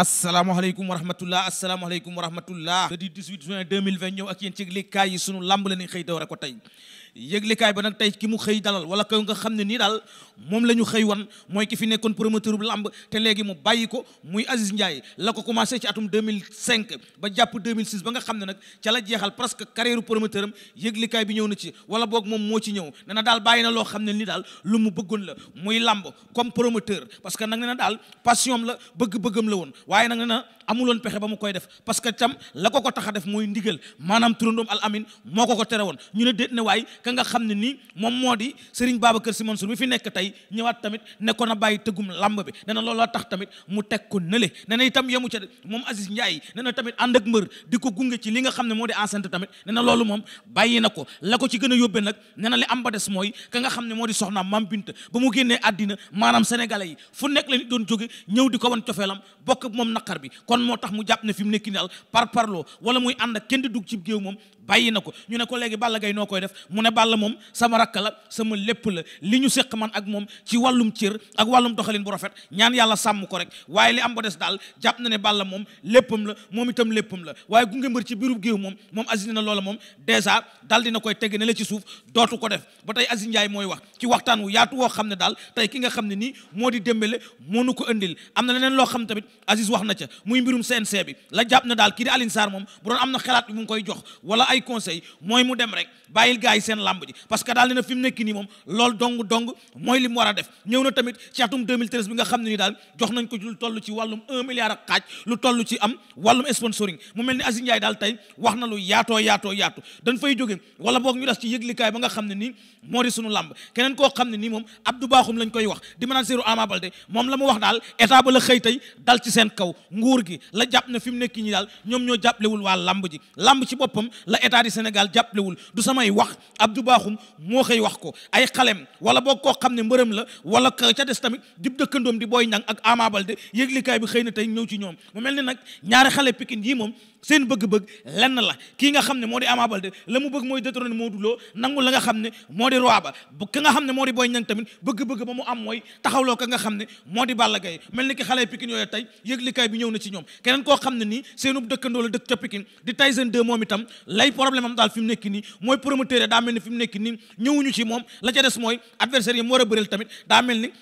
asalaamaaleykum wa rahmatullah asalaamaaleykum wa rahmatullah di 18 juin 2020 ñëw ak yéen ci yëglekaay yi sunu làmb la ni xëy dawra ko tey yëglekaay ba nag tey ki mu xëy dalal wala ko nga xam ne nii daal moom la ñu xëy wan mooy ki fi nekkoon promoteur bu làmb te léegi mu bàyyi ko muy Aziz Ndiaye la ko commencé ci atum 2005 ba jàpp 2006 ba nga xam ne nag ca la jeexal presque carrière promoteur am yëglekaay bi ñëw na ci wala boog moom moo ci ñëw nee na daal bàyyi na loo xam ne ni daal lu mu bëggoon la muy làmb comme promoteur parce que nag nee na daal passion am la bëgg-bëggam la woon waaye nag nee na amuloon pexe ba mu koy def parce que tam la ko ko tax a def mooy ndigal maanaam turandoom al amin moo ko ko tere woon ñu ne déet ne waay ka nga xam ne nii moom moo di Serigne Babacar Sy Mansour mi fi nekk tey ñëwaat tamit ne ko na bàyyi tëggum làmb bi nee na looloo tax tamit mu teg ko nële nee itam yemu ca de moom Aziz Ndiaye nee na tamit ànd ak mbër di ko gunge ci li nga xam ne moo di enceinte tamit nee loolu moom bàyyi na ko la ko ci gën a yóbbee nag nee na li am ba des mooy ka nga xam ne moo di soxnaam Mame Binta ba mu génnee àddina maanaam sénégalais yi fu nekk la nit doon jóge ñëw di ko wan cofeelam bokk moom naqar bi kon moo tax mu jàpp ne fi mu nekk ni daal par parloo wala muy ànd ak kenn di dugg ci géew moom bàyyi na ko ñu ne ko léegi Balla Gaye noo koy def mu ne Balla moom sama rakk la sama lépp la li ñu séq man ak moom ci wàllum cër ak wàllum doxalin bu rafet ñaan yàlla sàmm ko rek waaye li am ba des daal jàpp na ne Balla moom léppam la moom itam léppam la waaye gunge mbër ci biirub géew moom moom Aziz na loola moom dèjà dal dina koy tegg ne la ci suuf ko def ba tey Aziz Ndiaye mooy wax ci waxtaan wu yaatu woo xam ne daal tey ki nga xam ne nii moo di Aziz wax na ca muy mbirum CNC bi la jàpp na daal kii di Alioune Sarr moom bu doon am na xalaat bi mu koy jox wala ay conseil mooy mu dem rek bàyyil gars yi seen làmb ji parce que daal ne na fi mu nekk nii moom lool dong dong mooy li mu war a def ñëw na tamit ci atum bi nga xam ne ni daal jox nañ ko lu toll ci wàllum na lu yaatoo yaatoo yaatu dañ fay jóge wala boog ñu des ci yëglikaay ba nga xam ne nii moo di sunu làmb keneen koo xam ne nii moom Abdou Bakhoum lañ koy wax di la mu wax daal état ba la xëy tey dal ci kaw nguur gi la jàpp na fi mu nekk ñi daal ñoom ñoo jàppalewul waa lamb ji lamb ci boppam la état du Sénégal jàppalewul du samay wax Abdou baaxum moo koy wax ko ay xalem wala boog koo xam ne mbërëm la wala ca des tamit dib dëkkandoom di booy Niang ak Ama Baldé yëglikaay bi xëy na tey ñëw ci ñoom mu mel ni nag ñaari xale Pikine yii moom seen bëgg-bëgg lenn la kii nga xam ne moo di Ama Baldé la mu bëgg mooy détrôner Modou Lo nangu la nga xam ne moo di roi ka nga xam ne moo di Boy Niang tamit bëgg-bëgg ba mu am mooy taxawloo ka nga xam ne moo di Balla Gaye mel ni ki xale Pikine yooyu tey na ci ñoom keneen xam ne nii seenub dëkkandoo la dëkk ca Pikine di Tyson 2 moom itam lay problème am daal fi mu nekk moom la ca des mooy adversaire yi mu war a bëreel tamit daa mel ni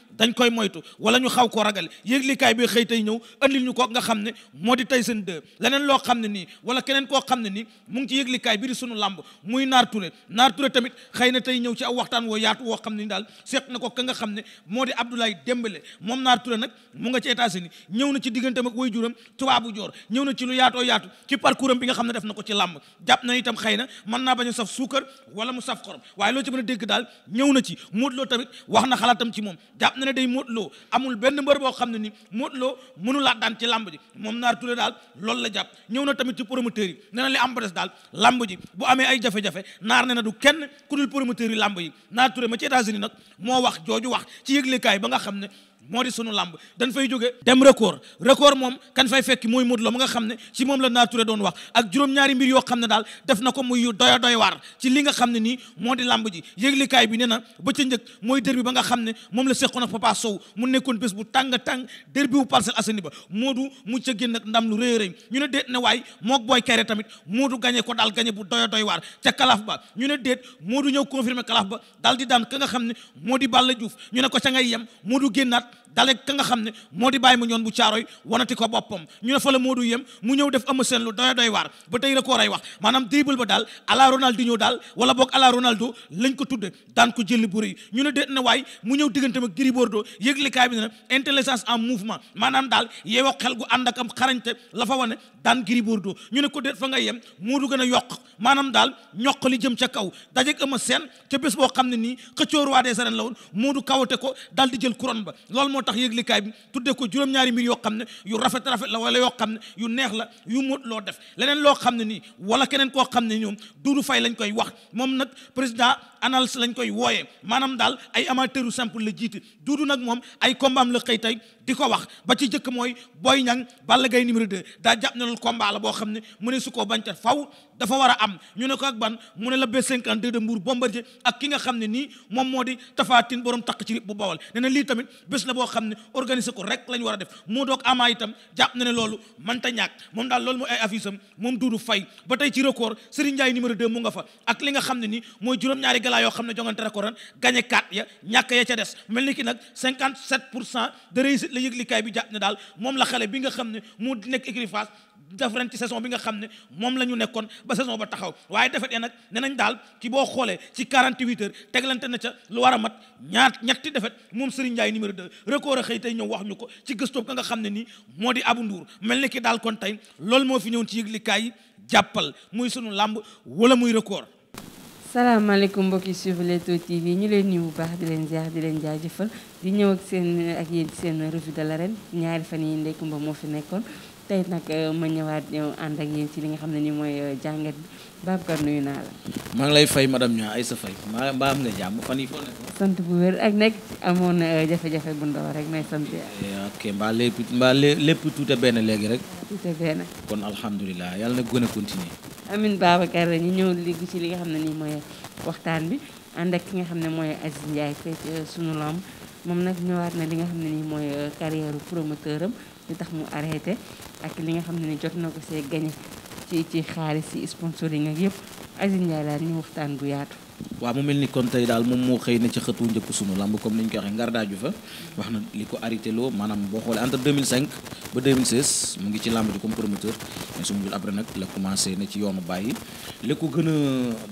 wala ñu xaw koo ragal yëglikaay bi xëy tey ñëw andil ñu ko nga xam ne moo di Tyson 2 leneen loo xam ne ne nii wala keneen koo xam ne nii mu ngi ci yëglikaay bi di sunu làmb muy naar ture naar ture tamit xëy na tey ñëw ci aw waxtaan woo yaatu woo xam ne ni daal seq na ko ka nga xam ne moo di Abdoulaye Dembélé moom naar ture nag mu nga ci états ñëw na ci digganteem ak waajuram tubaabu joor ñëw na ci lu yaatoo yaatu ci parcours am bi nga xam ne def na ko ci làmb jàpp na itam xëy na mën naa bañ a saf suukar wala mu saf xorom waaye loo ci mën a dégg daal ñëw na ci Modou Lo tamit wax na xalaatam ci moom jàpp na ne day Modou loo amul benn mbër boo xam ne ni Modou loo mënu laa daan ci làmb ji moom naar ture daal loolu la ñëw na tamit ci promoteur nena nee na li am ba des daal lamb ji bu amee ay jafe-jafe naar ne na du kenn ku dul promoteur yi lamb yi naar Touré ma ci États-Unis nag moo wax jooju wax ci yëglekaay ba nga xam ne moo di sunu làmb dañ fay jóge dem record record moom kan fay fekk mooy moo Lo mu nga xam ne ci moom la Naar doon wax ak juróom-ñaari mbir yoo xam ne daal def na ko muy yu doy waar ci li nga xam ne nii moo di làmb ji yëglikaay bi nee na ba ca njëkk mooy derbi ba nga xam ne moom la seqoon ak Papa Sow mu nekkoon bés bu tàng tàng derbi wu Parcelles Assainies ba Modou mu ca génn ak ndam lu rëy ñu ne déet ne waay mook booy kere tamit Modou gagné ko daal gagné bu doy doy waar ca kalaf ba ñu ne déet Modou ñëw confirmé kalaf ba daal di daan ka nga xam ne moo di Balla Diouf ñu ne ko ca ngay yem Modou génnaat dalee ka nga xam ne moo di bàyyi mu ñoon bu caaroy wanati ko boppam ñu ne fa la Modou yem mu ñëw def Eumeu Sène lu doy doy waar ba tey la ko waray wax maanaam dribble ba daal ala Ronaldinho daal wala boog ala Ronaldo lañ ko tudde daan ko jëli bu rëy ñu ne déet na waay mu ñëw digganteem ak Gris Bordeaux yëglikaay bi ne intelligence en mouvement maanaam daal yeewoo xel gu ànd ak am xarañte la fa wane daan Gris doo ñu ne ko déet fa ngay yem du gën a yokk maanaam daal ñokk li jëm ca kaw dajeeg Eumeu seen ca bés boo xam ne nii xëccoo roi des arènes la woon Modou kawate ko daal di jël couronne ba lool moo tax yëglikaay bi tuddee ko juróom-ñaari mbir yoo xam ne yu rafet rafet la wala yoo xam ne yu neex la yu mut loo def leneen loo xam ne nii wala keneen koo xam ne ñoom fay Faye lañ koy wax président anals lañ koy wooyee maanaam daal ay amateuru simple la jiite duudu nag moom ay combat la xëy tey di ko wax ba ci jëkk mooy booy Niang Balla Gaye numéro 2 daa jàpp ne loolu combat la boo xam ne mu ne su koo bañta faw dafa war a am ko ak ban mu ne la B52 de Mbour Bombardier ak ki nga xam ne nii moom moo di tafaatin borom takk ci bu bawal nee lii tamit bés la boo xam ne organiser ko rek la ñu war a def moo doog amaa itam jàpp na ne loolu daal lool mooy ay affiche am moom duudu fay ba tey ci record Serigne Ndiaye numéro 2 mu nga fa ak li nga xam ne nii mooy juróom-ñaari gala yoo xam ne jongante na ko ren gagné ya ñàkk ya ca des mel ni kii nag 57 pour cent de réussite la yëglikaay bi jàpp ne daal moom la xale bi nga xam ne mu nekk écurie Fass def ren ci saison bi nga xam ne moom la ñu nekkoon ba saison ba taxaw waaye defet ya nag ne nañ daal ci boo xoolee ci 48 heures teglante na ca lu war a mat ñaar ñetti defet moom Serigne Ndiaye numéro 2 record a xëy tey ñëw wax ñu ko ci gëstoob ka nga xam ne nii moo di Abu Nduur mel ni kii daal kon tey loolu moo fi ñëwoon ci yëglikaay yi jàppal muy sunu làmb wala muy record salaamaaleykum mbokk yi suivre Leewtoo TV ñi leen nuyu bu baax di leen jaar di leen jaajëfal di ñëw ak seen ak yéen seen revue de l'arène ñaari fan yi Ndeye Comba moo fi nekkoon tey nag euh, ma ñëwaat ñëw ànd ak yéen ci li nga xam ne ni mooy euh, jàngat bi Babacar nuyu naa la. maa ngi lay fay ay sa maa mbaa nga jàmm fan yi foo nekkoon. sant bu wér ak nekk amoon na euh, jafe-jafe bu ndaw rek may sant yàlla. Eh, mbaa lépp mbaa lépp tuuti benn léegi rek. tuuti benn. kon alhamdulilah yàlla na gën a continuer. Amine Babacar ñu ñëw léegi ci li nga xam ne nii mooy waxtaan bi ànd ak ki nga xam ne mooy Aziz Ndiaye fekk suñu lamb moom nag ñëwaat na li nga xam ne nii mooy euh, carrière promoteur am li tax mu arrêté ak li nga xam ne ni jot na ko see gagné ci ci xaalis ci sponsoring nga yëpp. Aziz Ndiaye daal ñu waxtaan mu mel ni kon tey daal moom moo xëy na ca xëtu njëkk sunu lamb comme ni ñu ko waxee ngardaaju fa wax na li ko arrêté loo maanaam boo xoolee entre 2005 ba 2016 mu ngi ci lamb ji comme promoteur mais su ma jël na ci yoonu bàyyi li ko gën a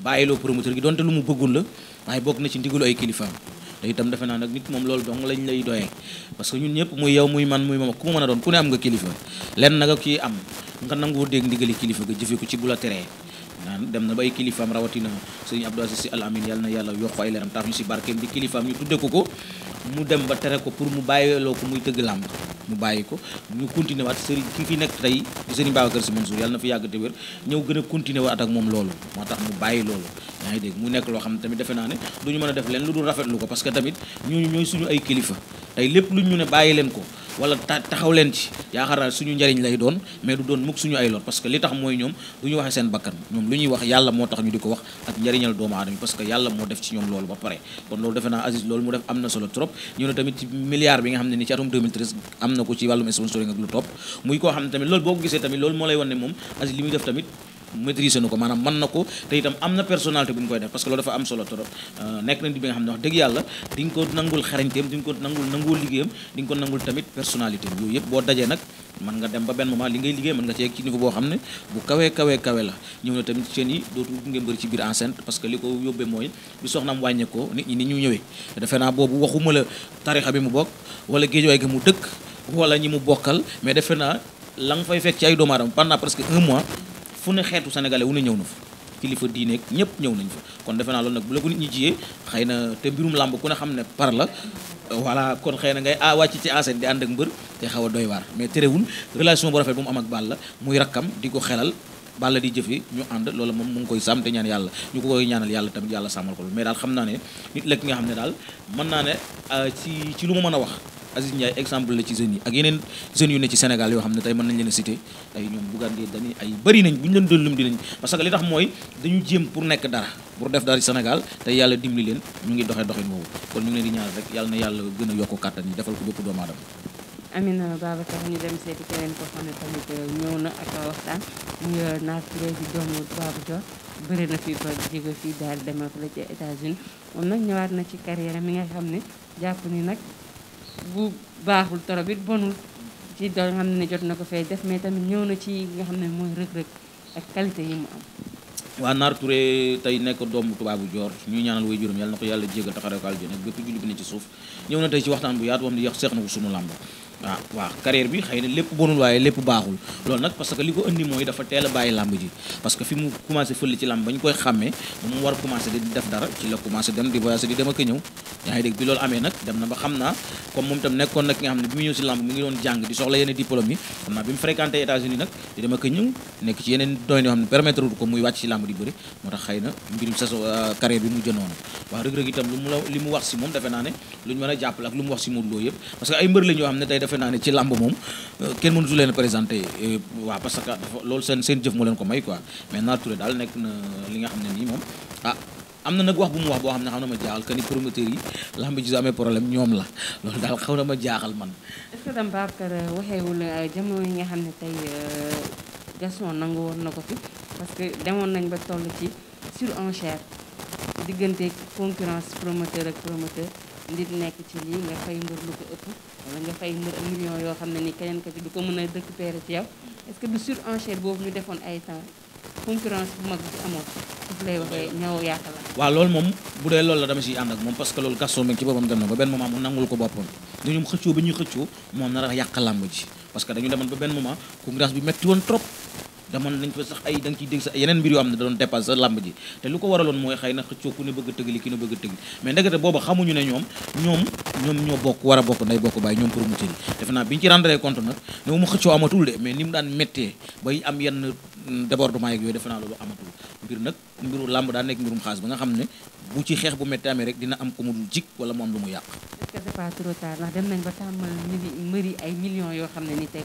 bàyyiloo promoteur gi donte lu mu bëggul la waaye bokk na ci ndigalu ay kilifaam te defe naa nag moom loolu dong lañ lay doyee parce que ñun ñëpp yow muy man muy moom ku mu mën a doon ku ne am nga kilifa lenn nag ki am nga nangoo dégg ndigali kilifa nga jëfee ko ci bu la teree naan dem na ba ay kilifaam rawatina sëriñ Abdou Aziz Sy Al na yàlla yokk ay leeram taaf ñu si barkeem di kilifaam ñu tudde ko ko mu dem ba tere ko pour mu bàyyiloo ko muy bàyyi loolu moo tax mu bàyyi loolu yaa ngi nekk loo xam ne tamit defe naa ne duñu mën a def leen lu dul rafetlu ko parce tamit ñooñu suñu ay kilifa tey lépp luñ ñu ne bàyyi leen ko wala taxaw leen ci yaakaar naa suñu njariñ lay doon mais du doon mukk suñu ay lor parce que li tax mooy ñoom du ñu waxee seen bakkan ñoom lu ñuy wax yàlla moo tax ñu di ko wax ak njariñal doomu aadama parce que yàlla moo def ci ñoom loolu ba pare kon loolu defe naa Aziz loolu mu def am na solo trop ñu ne tamit ci milliard bi nga xam ne ni ci atum 2013 am na ko ci wàllum sponsoring ak lu topp muy koo xam ne tamit loolu boo maîtriser nu ko maanaam man na ko te itam am na personnalité bu ñu koy def parce que loolu dafa am solo trop euh, nekk na nit bi nga xam ne wax dëgg yàlla di nga ko nangul xarañteem di nga ko nangul nangul liggéeyam di nga nangul tamit personnalité yooyu yëpp boo dajee nag mën nga dem ba benn moment li ngay liggéey mën nga ceeg ci niveau boo xam ne bu kawee kawee kawe la ñëw na tamit seen yi dootul bu ngeen bëri ci biir enceinte parce que li ko yóbbee mooy bi soxnaam wàññeekoo nit ñi ni ñu ñëwee defe naa boobu waxuma la mu bokk wala wala ñi mu bokkal mais defe naa la nga fay fekk ci ay doomu aadama pendant presque un fu ne xeetu sénégalais wu ne ñëw na fa kilifa diineeg ñëpp ñëw nañ fa kon defe naa loolu nag bu la ko nit ñi jiyee xëy na te mbirum làmb ku ne xam ne par la voilà kon xëy na ngay a ah, wàcc ci aset di ànd ak mbër te xaw a doy waar mais terewul relation bu rafet bu mu am ak la muy rakkam di ko xelal Balla di jëfe ñu ànd loolu moom mu ngi koy sàmm te ñaan yàlla ñu ko koy ñaanal yàlla tamit yàlla sàmmal ko mais daal xam naa ne nit la ki nga xam ne daal mën naa ne ah, ci ci lu ma mën a wax Aziz Ndiaye exemple la ci jeunes yi ak yeneen jeunes yu ne ci Sénégal yoo xam ne tey mën nañ leen a citer ay ñoom Bougane Gueye ay bëri nañ bu leen doon dinañ parce que li tax mooy dañu jéem pour nekk dara pour def dara ci Sénégal tey yàlla dimbali leen ñu ngi doxee doxin woowu kon ñu ngi leen euh, ñëw na ak waxtaan muy euh, naat léegi doomu Babou Dior bëri fii ba jóge fii daal demal fa la ci États-Unis moom nag ñëwaat na ci carrière mi nga xam ne jàpp bu baaxul torop it bonul ci do nga xam ne jot na ko fay def mais tamit ñëw na ci nga xam ne mooy rëg-rëg ak qualité yi mu am waa Naar Touré tey nekk doomu tubaabu joor ñu ñaanal way juróom yàlla na ko yàlla jégal taxarew ko aljana bépp julli bi ne ci suuf ñëw na tey ci waxtaan bu yaatu wax ne yàq seex na ko sunu làmb waaw ah, waaw carrière bi xëy na lépp bonul waaye lépp baaxul loolu nag parce que li ko indi mooy dafa teel bàyyi làmb ji parce que fi mu commencé fële ci làmb ba ñu koy xàmmee mu ngi doon jàng di soxla yeneen diplôme yi xam naa bi mu fréquenté États-Unis nag di dem ak ñëw nekk ci yeneen domaine yoo xam ne permettre wul ko muy wàcc si làmb di bëri moo tax xëy na mbirum saison euh, carrière bi mu jënoona waaw rëg-rëg itam lu mu la li mu wax si moom defe naa ne defe naa ne ci làmb moom euh, kenn mënatu leen présenté waaw parce que dafa loolu seen jëf moo leen ko may quoi maintenant Touré daal nekk na li nga xam ne nii moom ah am na nag wax bu mu wax boo xam ne xam na ma jaaxal que promoteur yi lamb ji su amee problème ñoom la loolu daal xaw na ma jaaxal man. est-ce que tam Babacar euh, waxeewul euh, jamono yi nga xam ne tey Gaston nangu woon na ko demoon nañ ba toll ci sur enchère diggante concurrence promoteur ak promoteur. nit nekk ci lii nga fay mbër lu ko ëpp wala nga fay mbër ak million yoo xam ne ni keneen ka ci du ko mën a récupérer ci yow est que du surenchère boobu ñu defoon ay temps concurrence bu mag bi amoon daf lool waxee ñaw yaaka la waaw loolu moom bu dee loolu la dama siy ànd ak moom parce que loolu Gaston Mbengue ci boppam dem na ba benn moment mu nangul ko boppam ñu ñoom xëccoo ba ñuy xëccoo moom nar a yàq làmb ji parce que dañu demoon ba benn moment concurrence bi metti demoon nañ fa sax ay da nga dégg sax yeneen mbir yoo xam ne da doon dépassé sa làmb ji te lu ko waraloon mooy xëy na xëccoo ku ne bëgg a tëgli ki ne bëgg a tëgli mais ndekete booba xamuñu ne ñoom ñoom ñoo bokk wara bokk nday bokk bàyyi ñoom promoteurs yi defe naa bi ñu ci rendre compte nag ne mu xëccoo amatul de mais ni mu daan méttee bay am yenn débordement yooyu defe loolu amatul mbir nag mbiru làmb daa nekk mbirum xaas ba nga xam ne bu ci xeex bu métti amee rek dina am ko mu dul jik wala mu am lu mu yàq. est-ce que c'est pas trop tard ndax ay millions yoo xam ne ni tey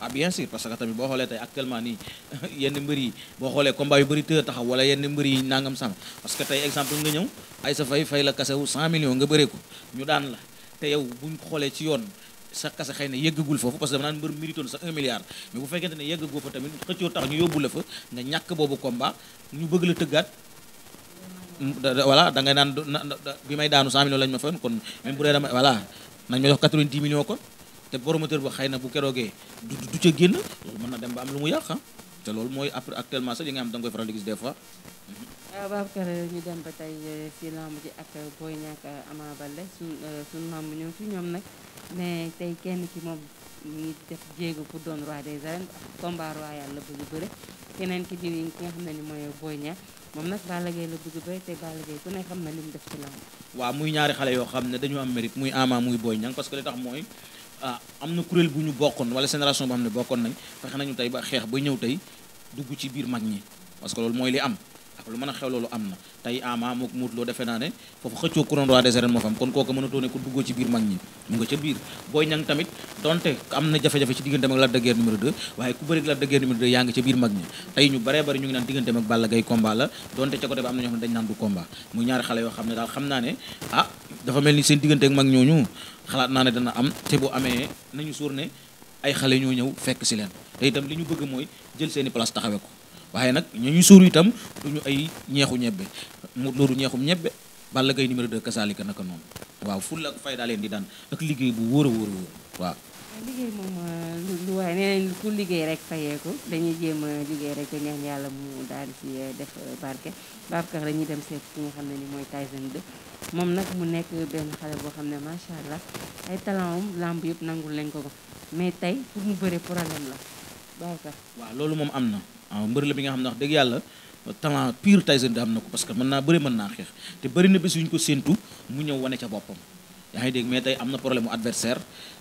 ah, parce que tamit boo xoolee tey actuellement nii yenn mbër yi boo xoolee combat yu bëri tëë taxaw wala yenn mbër yi nangam sam parce que tey exemple nga ñëw ay sa fay fay la kasewu 100 millions nga bëree ko ñu daan la te yow buñ xoolee ci yoon sa kase xëy na yeggagul foofu parce que dama naan mbër méritoon sa 1 milliard mais bu fekkente ne yeggagoo fa tamit xëccoo tax ñu yóbbu fa nga ñàkk boobu combat ñu bëgg la tëggaat voilà da naan bi may daanu 100 millions lañ ma fayoon kon même bu dee dama voilà nañ ma jox 90 millions kon te promoteur ba xëy na bu keroogee du du ca génn loolu mën na dem ba am lu mu yàq te loolu mooy après actuellement sax li nga xam da nga koy faral di mais tey kenn ki moom mi ngi def jéego pour doon roi des arènes combat royal la bëgg bëre keneen ki di ki nga xam ne ni mooy Boy Niang moom nag Balla Gaye la bëgg bëre te Balla Gaye ku ne xam na li mu def ci lamb waaw muy ñaari xale yoo xam ne dañu am mérite muy Ama muy Boy Niang parce que li tax mooy ah, am na kuréel bu ñu bokkoon wala génération boo xam ne bokkoon nañ fexe nañu tey ba xeex ba ñëw tey dugg ci biir mag ñi parce que loolu mooy li am lu mën a xew loolu am na tey ama mook Modou Lo defe naa ne foofu xëccoo couronne roi des arènes moo fa am kon kooku mënatoo ne ku duggoo ci biir mag ñi mu nga ca biir Boy Niang tamit donte am na jafe-jafe ci digganteem ak Lac de Guiers numéro 2 waaye ku bëri ak Lac de Guiers numéro 2 yaa ngi ca biir mag ñi tey ñu bare bari ñu ngi naan digganteem ak Balla Gaye combat la donte ca côté ba am na ñoo xam ne dañ naan du combat muy ñaari xale yoo xam ne daal xam naa ne ah dafa mel ni seen diggante ak mag xalaat naa ne dana am te boo amee nañu suur ne ay xale ñoo ñëw fekk si leen te itam li ñu bëgg mooy jël seeni place taxawee ko waaye nag ñu ñu suur itam ñu ay ñeexu ñebbe mu loolu ñeexum ñebbe Balla Gaye numéro de kasaalika naka noonu waaw fulla ak fayda leen di daan ak liggéey bu wóor a wóor waaw liggéey moom euh, lu waaye nee nañ ku liggéey rek fayeeku dañuy jéem a liggéey rek te yàlla mu daal di ci euh, def euh, barke Babacar dañuy dem seet ki nga xam ne ni mooy Tyson 2 moom nag mu nekk benn xale boo xam ne macha allah ay talentam làmb yëpp nangul lañ ko ko mais tey pour mu bëre problème la waaw loolu moom am na waaw ah, mbër la bi nga xam ne wax dëgg yàlla talent pur Tyson da am na ko parce que mën naa bëri mën naa xeex te bari na bés yu ñu ko séentu mu ñëw wane ca boppam yaa ngi dégg mais tey am na problème mu adversaire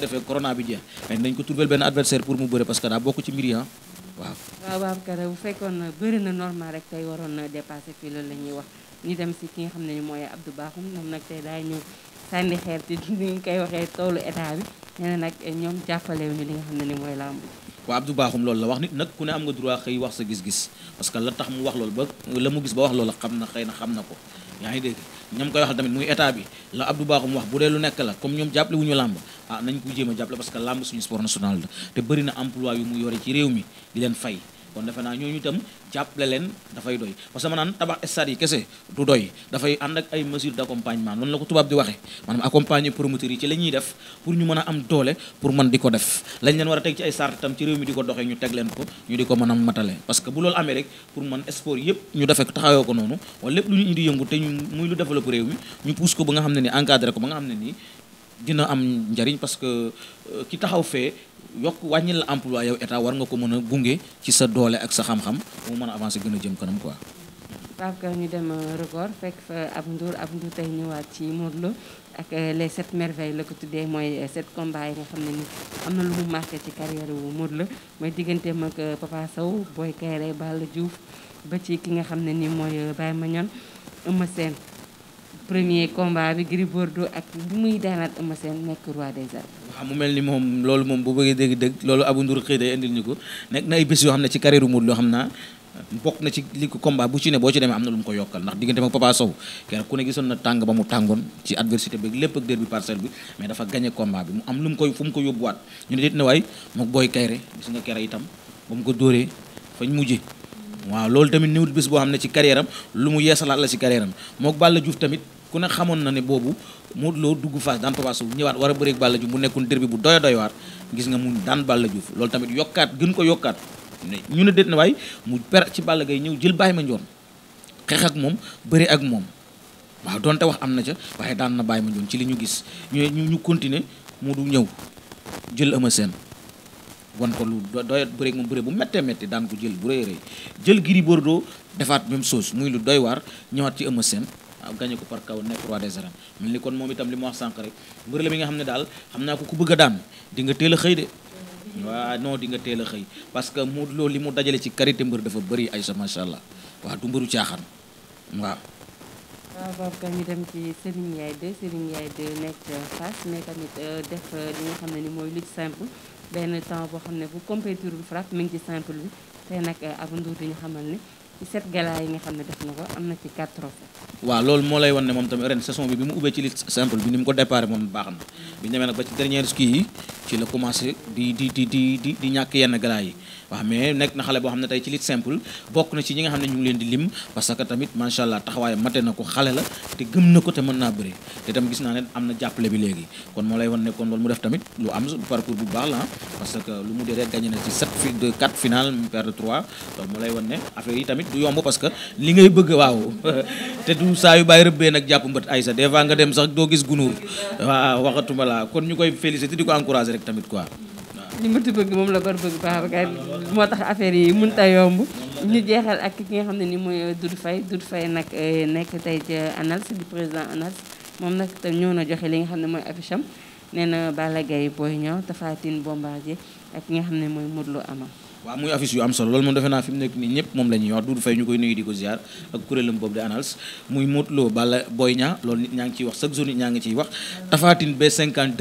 yàlla defee corona bi jeex mais nañ ko trouver benn adversaire pour mu bëre parce daa bokk ci mbir yi ah waaw. waaw Babacar bu fekkoon bëri na normal rek tey waroon na dépassé fii la ñuy wax ñu dem ki nga xam ne ni mooy Abdou Bakhoum moom nag daa ñëw sànni xeer ci ni ñu koy waxee toolu état bi ñu ne nag ñoom jàppale wu ñu li nga xam ne ni mooy làmb. waaw Abdou Bakhoum loolu la wax nit nag ku ne am nga droit xëy wax sa gis-gis parce que la tax mu wax loolu ba la mu gis ba wax loolu xam na xëy na xam na ko. yaa ngi dégg ñoom koy wax tamit muy état bi la Abdou Bakhoum wax bu dee lu nekk la comme ñoom jàppale wu ñu làmb ah nañ ko jéem a jàppale parce que làmb suñu sport national la te bëri na yu mu yore ci réew mi di leen fay kon defe naa ñooñu itam jàppale leen dafay doy parce que ma naan tabax stade yi kese du doy dafay ànd ak ay mesures d' accompagnement noonu la ko tubaab di waxee maanaam accompagner promoteurs yi ci la ñuy def pour ñu mën a am doole pour mën di ko def lañ leen war a teg ci ay sart itam ci réew mi di ko doxee ñu teg leen ko ñu di ko mën a matale parce que bu loolu amee rek pour mën sport yëpp ñu defee taxawoo ko noonu wala lépp lu ñu indi yëngu te ñu muy lu développé réew mi ñu pousse ko am njariñ parce que euh, ki taxaw fee yokk wàññi la emploi yow état war nga ko mën a gunge ci sa doole ak sa xam-xam mu mën a avancer gën a jëm kanam quoi. Babacar ñu dem euh, record fekk fa ab Ndour ab Ndour tey ñëwaat ci Modou Lo ak euh, les sept merveilles la ko tuddee mooy euh, sept combats xam ne ni am na lu mu marqué ci carrière wu Modou Lo mooy digganteem mag Papa booy Boy Kayré Balla ba ci ki nga xam ne ni mooy Baye ma Eumeu Sène premier combat bi Gris Bordeaux ak bu muy daanaat Eumeu Sène nekk roi des arènes waaw ah, mu mel ni moom loolu moom bu bëggee dégg-dégg loolu Abou Ndour xëy day indil ñu ko nekk na ay bés yoo xam ne ci carrière Modou Lo xam naa bokk na ci li ko combat bu ci ne ci demee lu mu ko yokkal ndax diggante ak Papa Sow keroog ku ne gisoon ba mu tàngoon ci adversité bi lépp bi mais dafa gagné combat bi lu mu koy fu mu ko yóbbuwaat ba la ci carrière am tamit ku ne xamoon na ne boobu Modou Lo dugg Fass daan Papa Sow ñëwaat war a bëreeg Balla Diouf mu nekkoon derby bu doy doy waar gis nga mu daan Balla Diouf loolu tamit yokkaat gën ko yokkaat ñu ne déet na mu per ci Balla Gaye ñëw jël Baye Mandione xeex ak moom bëri ak moom waaw donte wax am na ca waaye daan na Baye Mandione ci li ñu gis ñu ñu continuer mu du ñëw jël Eumeu Sène wan ko lu doy bëreeg moom bëre bu méttee méttee daan ko jël bu rëy rëy jël Gris Bordeaux defaat même chose muy lu doywaar waar ñëwaat ci Eumeu Sène gagné ko par kaw nekk roi des arènes mel ni kon moom itam li mu wax sànq rek mbër la mi nga xam ne daal xam naa ko ku bëgg daan di nga teel a xëy de waaw non di nga teel a xëy parce que mu loolu li mu dajale ci karité mbër dafa bëri ay sa macha allah waaw du mbëru caaxaan waaw waaw ah, Babacar ñu dem ci Serigne Ndiaye 2 Serigne Ndiaye 2 nekk Fass mais tamit euh, def euh, li nga xam ne ni mooy lutte simple benn temps boo xam ne bu compétiteur bu frappe mi ngi ci simple bi tey nag euh, ab nduur di ñu ci set gala yi nga xam ne def na ko am na ci quatre trophées waaw loolu moo lay wan ne moom tamit ren saison bi bi mu ubbee ci lutte simple bi ni mu ko déparé moom baax na bi la commencé di di nekk na xale boo xam ne tey ci lutte simple bokk na ci ñi nga xam ne ñu ngi leen di lim parce que tamit macha allah taxawaay mate na ko xale la te gëm na ko te mën naa bëri te tam gis naa ne am na jàppale bi léegi kon moo lay wan ne kon loolu mu def tamit lu am parcours bu baax la ah parce que lu mu dee rek gagné na ci sept de quatre finale ne affaire yi du yomb parce que li ngay bëgg waaw te du saa yu bàyyi rëbbee nag jàpp mbët ay sa des fois nga dem sax doo gis gunóor waaw waxatuma laa kon ñu koy féliciter di ko encourager rek tamit quoi. li mënti bëgg moom la gor bëgg Babacar moo tax affaire yi mun ta yomb ñu jeexal ak ki nga xam ne ni mooy Doudou fay Doudou Faye nag eh, nekk tey ci ANALS di président ANALS moom nag tam ñëw na joxe li nga xam ne mooy affiche am nee na Balla Gaye Boy Niang Tapha Tine Bombardier ak ki nga xam ne mooy Modou ama waaw muy affiche yu am solo loolu moom defe naa fi mu nekk nii ñëpp moom la ñuy wax Doudou Faye ñu koy nuyu di ko ziar ak kuréelam boobu di annals muy Modou Lo Boy Niang loolu nit ñaa ngi ciy wax chaque jour nit ñaa ngi ciy wax Tapha Tine B52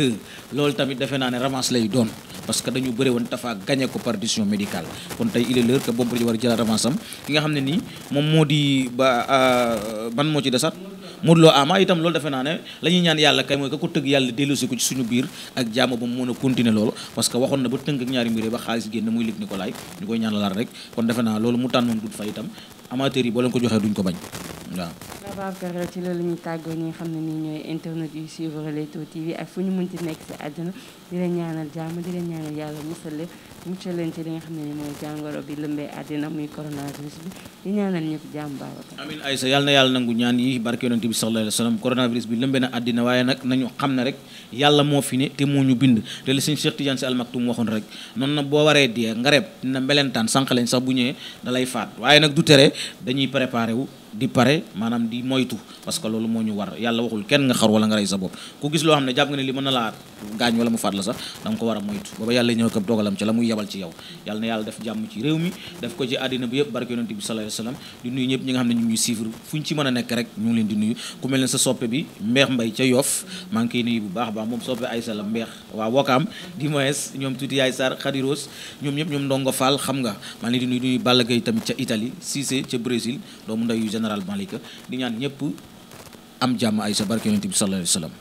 loolu tamit defe naa ne revanche lay doon parce que dañu bëre woon Tapha gagné ko par décision médicale kon tey il est l'heure que Bombardier war a jël revanche am ki nga xam ne nii moom moo di ba euh, ban moo ci desaat Modou Lo Ama ah, itam loolu defe naa ne la ñuy ñaan yàlla kay mooy ka ko tëgg yàlla dellusi ko ci suñu biir ak jàmm ba mu mën a continuer loolu parce que waxoon na ba tënk ak ñaari mbir ba xaalis génn muy lig Nicolas ñu koy ñaan laal rek kon defe naa loolu mu tànn moom dut fa itam amateur yi boo leen ko joxee duñ ko bañ waaw Babacar ci loolu ñuy tàggoo ñi nga xam ne nii ñooy internet yu suivre Leewtoo TV ak fu ñu mënti nekk bi lëmbee àddina muy coronavirus bi wa sallam lëmbee na àddina waaye nag nañu xam ne rek yàlla moo fi ne te moo ñu bind te li sëñ Cheikh Tidiane Sy Al Maktoum waxoon rek noonu na boo waree dee nga reb na mbelentaan sànq sax bu ñëwee da lay faat waaye nag du tere dañuy préparé di pare maanaam di moytu parce que loolu moo ñu war yàlla waxul kenn nga xar wala nga rey sa bopp ku gis loo xam ne jàpp ne li mën na laa gaañ wala mu faat la sax da ko war a moytu booba yàlla ñëw ko dogalam ci la muy yebal ci yow yàlla na yàlla def jàmm ci réew mi def a bu baax baax moom soppe ay mbeex waa wokaam di moes ñoom tuuti yaay sar xadiros ñoom ñëpp ñoom ndongo faal xam nga maa ngi leen di nuyu di nuyu Balla Gaye tamit ca Italie Cissé ca Brésil doomu nday général Malika di ñaan ñëpp am jàmm ay sa barke yonent bi sallallahu